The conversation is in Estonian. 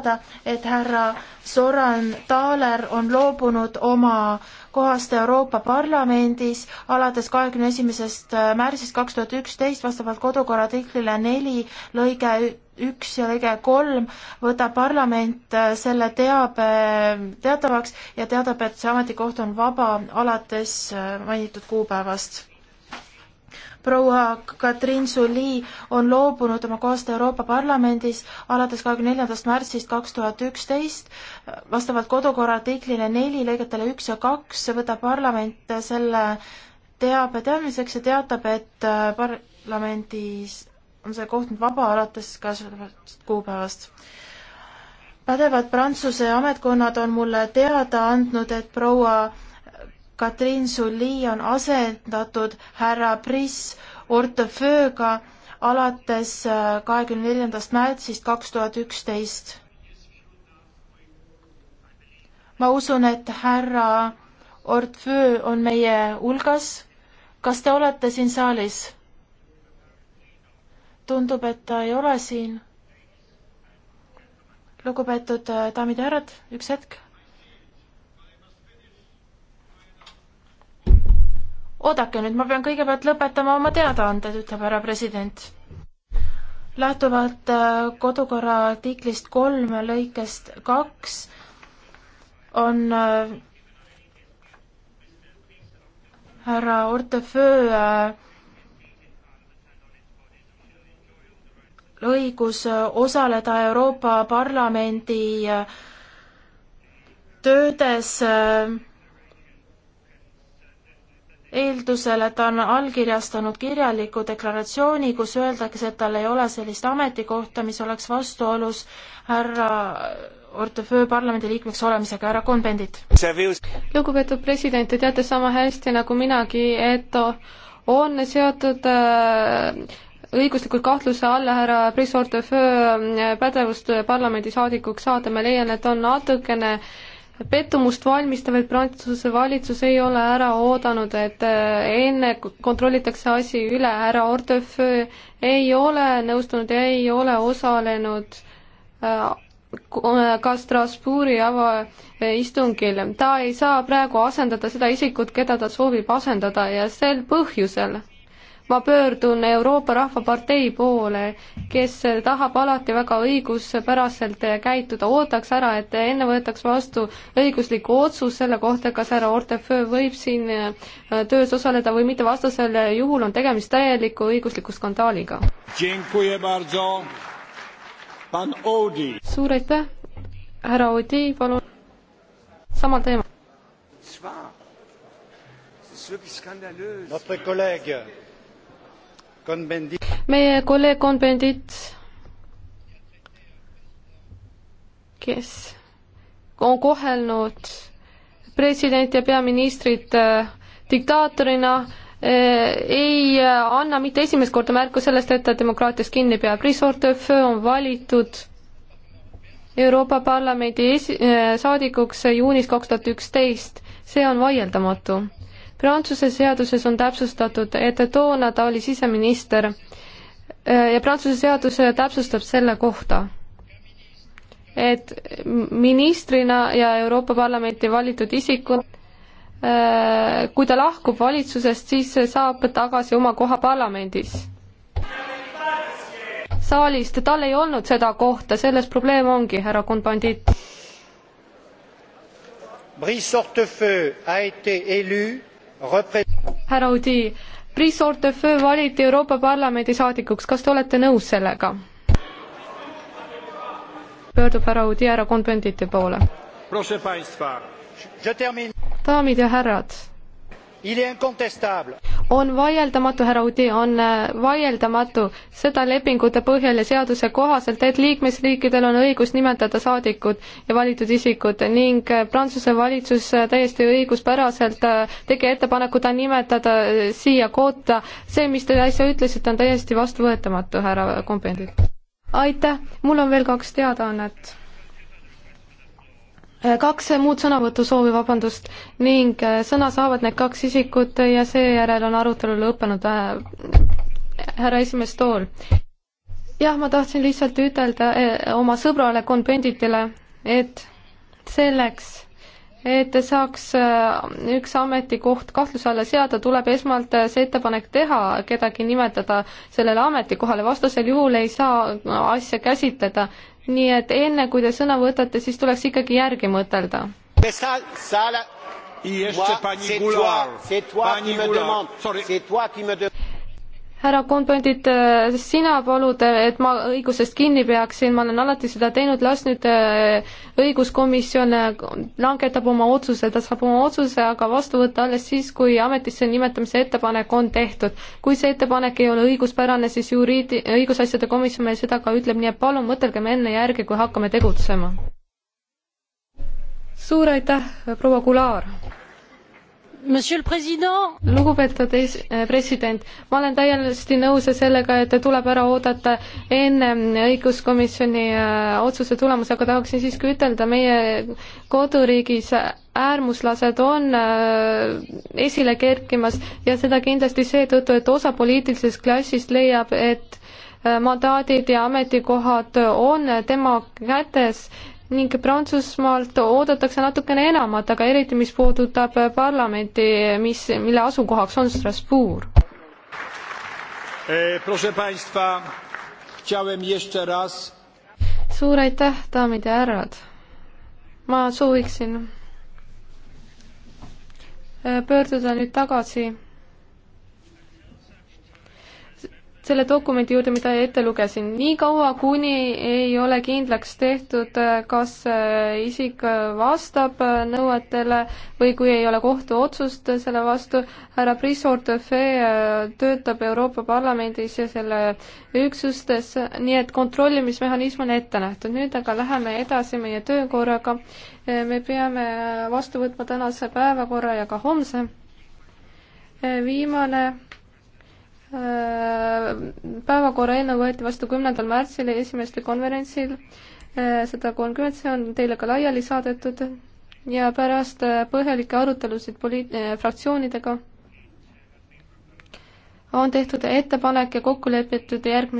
teada, et härra Soran Taaler on loobunud oma kohast Euroopa Parlamendis alates kahekümne esimesest äh, märtsist kaks tuhat üksteist vastavalt kodukorra artiklile neli lõige üks ja lõige kolm võtab parlament äh, selle teabe teatavaks ja teatab, et see ametikoht on vaba alates äh, mainitud kuupäevast proua Katrin Suli on loobunud oma kohast Euroopa Parlamendis alates kahekümne neljandast märtsist kaks tuhat üksteist. vastavalt kodukorra artiklile neli lõigetele üks ja kaks võtab parlament selle teabe teadmiseks ja teatab, et äh, parlamendis on see koht nüüd vaba alates käesolevast kuupäevast pädevad Prantsuse ametkonnad on mulle teada andnud, et proua Katrin Sulli on asendatud härra Brice Ortefeuga alates äh, kahekümne neljandast märtsist kaks tuhat üksteist. ma usun, et härra Ortefeu on meie hulgas. kas te olete siin saalis? tundub, et ta ei ole siin. lugupeetud äh, daamid ja härrad, üks hetk oodake nüüd, ma pean kõigepealt lõpetama oma teadaanded, ütleb härra president. lähtuvalt äh, kodukorra artiklist kolm lõikest kaks on äh, härra Ortefeu äh, õigus osaleda Euroopa Parlamendi töödes äh, eeldusel, et ta on allkirjastanud kirjaliku deklaratsiooni, kus öeldakse, et tal ei ole sellist ametikohta, mis oleks vastuolus härra Ortefeu parlamendiliikmeks olemisega, härra Konvendit. lugupeetud president, te teate sama hästi nagu minagi, et on seotud äh, õiguslikult kahtluse alla härra Brice Ortefeu äh, pädevust parlamendisaadikuks saada, ma leian, et on natukene äh, pettumust valmistav, et Prantsuse valitsus ei ole ära oodanud, et äh, enne kontrollitakse asi üle, härra Ortef äh, ei ole nõustunud ja ei ole osalenud äh, ka Strasbourgi avaistungil. ta ei saa praegu asendada seda isikut, keda ta soovib asendada ja sel põhjusel ma pöördun Euroopa Rahvapartei poole, kes tahab alati väga õiguspäraselt käituda, ootaks ära, et enne võetaks vastu õiguslikku otsust selle kohta, kas härra Ortefeu võib siin äh, töös osaleda või mitte, vastasel juhul on tegemist täieliku õigusliku skandaaliga. suur aitäh, härra Odi, palun, samal teemal. Notre collègue meie kolleeg Konbendit, kes on kohelnud presidenti ja peaministrit äh, diktaatorina, äh, ei äh, anna mitte esimest korda märku sellest, et ta demokraatiast kinni peab. Resort on valitud Euroopa Parlamendi esi-, saadikuks juunis kaks tuhat üksteist. see on vaieldamatu Prantsuse seaduses on täpsustatud, et toona ta oli siseminister äh, ja Prantsuse seadus täpsustab selle kohta, et ministrina ja Euroopa Parlamenti valitud isikuna äh, kui ta lahkub valitsusest, siis saab tagasi oma koha parlamendis. saalist, tal ei olnud seda kohta, selles probleem ongi, härra Konbandit. Brice Hortefeux a été élu härra Udi, Priis Ortefeu valiti Euroopa Parlamendi saadikuks, kas te olete nõus sellega? pöördub härra Udi härra konventite poole. daamid ja härrad on vaieldamatu, härra Udi, on äh, vaieldamatu seda lepingute põhjal ja seaduse kohaselt, et liikmesriikidel on õigus nimetada saadikud ja valitud isikud ning äh, Prantsuse valitsus äh, täiesti õiguspäraselt tegi ettepaneku ta nimetada siia koota. see, mis te äsja ütlesite, on täiesti vastuvõetamatu, härra Kompendil. aitäh, mul on veel kaks teadaannet Äh, kaks muud sõnavõtusoovi, vabandust, ning äh, sõna saavad need kaks isikut ja seejärel on arutelu lõppenud äh, härra esimees Tool. jah, ma tahtsin lihtsalt ütelda oma sõbrale konvenditele, et selleks, et saaks äh, üks ametikoht kahtluse alla seada, tuleb esmalt äh, see ettepanek teha, kedagi nimetada sellele ametikohale, vastasel juhul ei saa asja käsitleda. nii et enne, kui te sõna võtate, siis tuleks ikkagi järgi mõtelda härra Kompendit, äh, sina palud, äh, et ma õigusest kinni peaksin, ma olen alati seda teinud, las nüüd äh, õiguskomisjon langetab oma otsuse, ta saab oma otsuse aga vastu võtta alles siis, kui ametisse nimetamise ettepanek on tehtud. kui see ettepanek ei ole õiguspärane, siis juriidi-, õigusasjade komisjon meil seda ka ütleb, nii et palun mõtelgem enne järgi, kui hakkame tegutsema suur aitäh, proua Kular! lugupeetud äh, president, ma olen täiesti nõus sellega, et tuleb ära oodata ennem õiguskomisjoni äh, otsuse tulemusi, aga tahaksin siiski ütelda, meie koduriigis äärmuslased on äh, esile kerkimas ja seda kindlasti seetõttu, et osa poliitilisest klassist leiab, et mandaadid ja ametikohad on tema kätes ning Prantsusmaalt oodatakse natukene enamat, aga eriti, mis puudutab parlamenti, mis, mille asukohaks on Strasbourg. Eh, suur aitäh, daamid ja härrad. ma sooviksin eh, pöörduda nüüd tagasi selle dokumendi juurde, mida ette lugesin, niikaua kuni ei ole kindlaks tehtud, äh, kas äh, isik äh, vastab nõuetele või kui ei ole kohtuotsust selle vastu, härra Prissortefe töötab Euroopa Parlamendis ja selle üksustes, nii et kontrollimismehhanism on ette nähtud. nüüd aga läheme edasi meie töökorraga. me peame vastu võtma tänase päevakorra ja ka homse. viimane Äh, päevakorra eelnõu võeti vastu kümnendal märtsil esimesel konverentsil äh, sada kolmkümmend, see on teile ka laiali saadetud ja pärast äh, põhjalikke arutelusid poliit-, fraktsioonidega on tehtud ettepanek ja kokku lepitud järgmine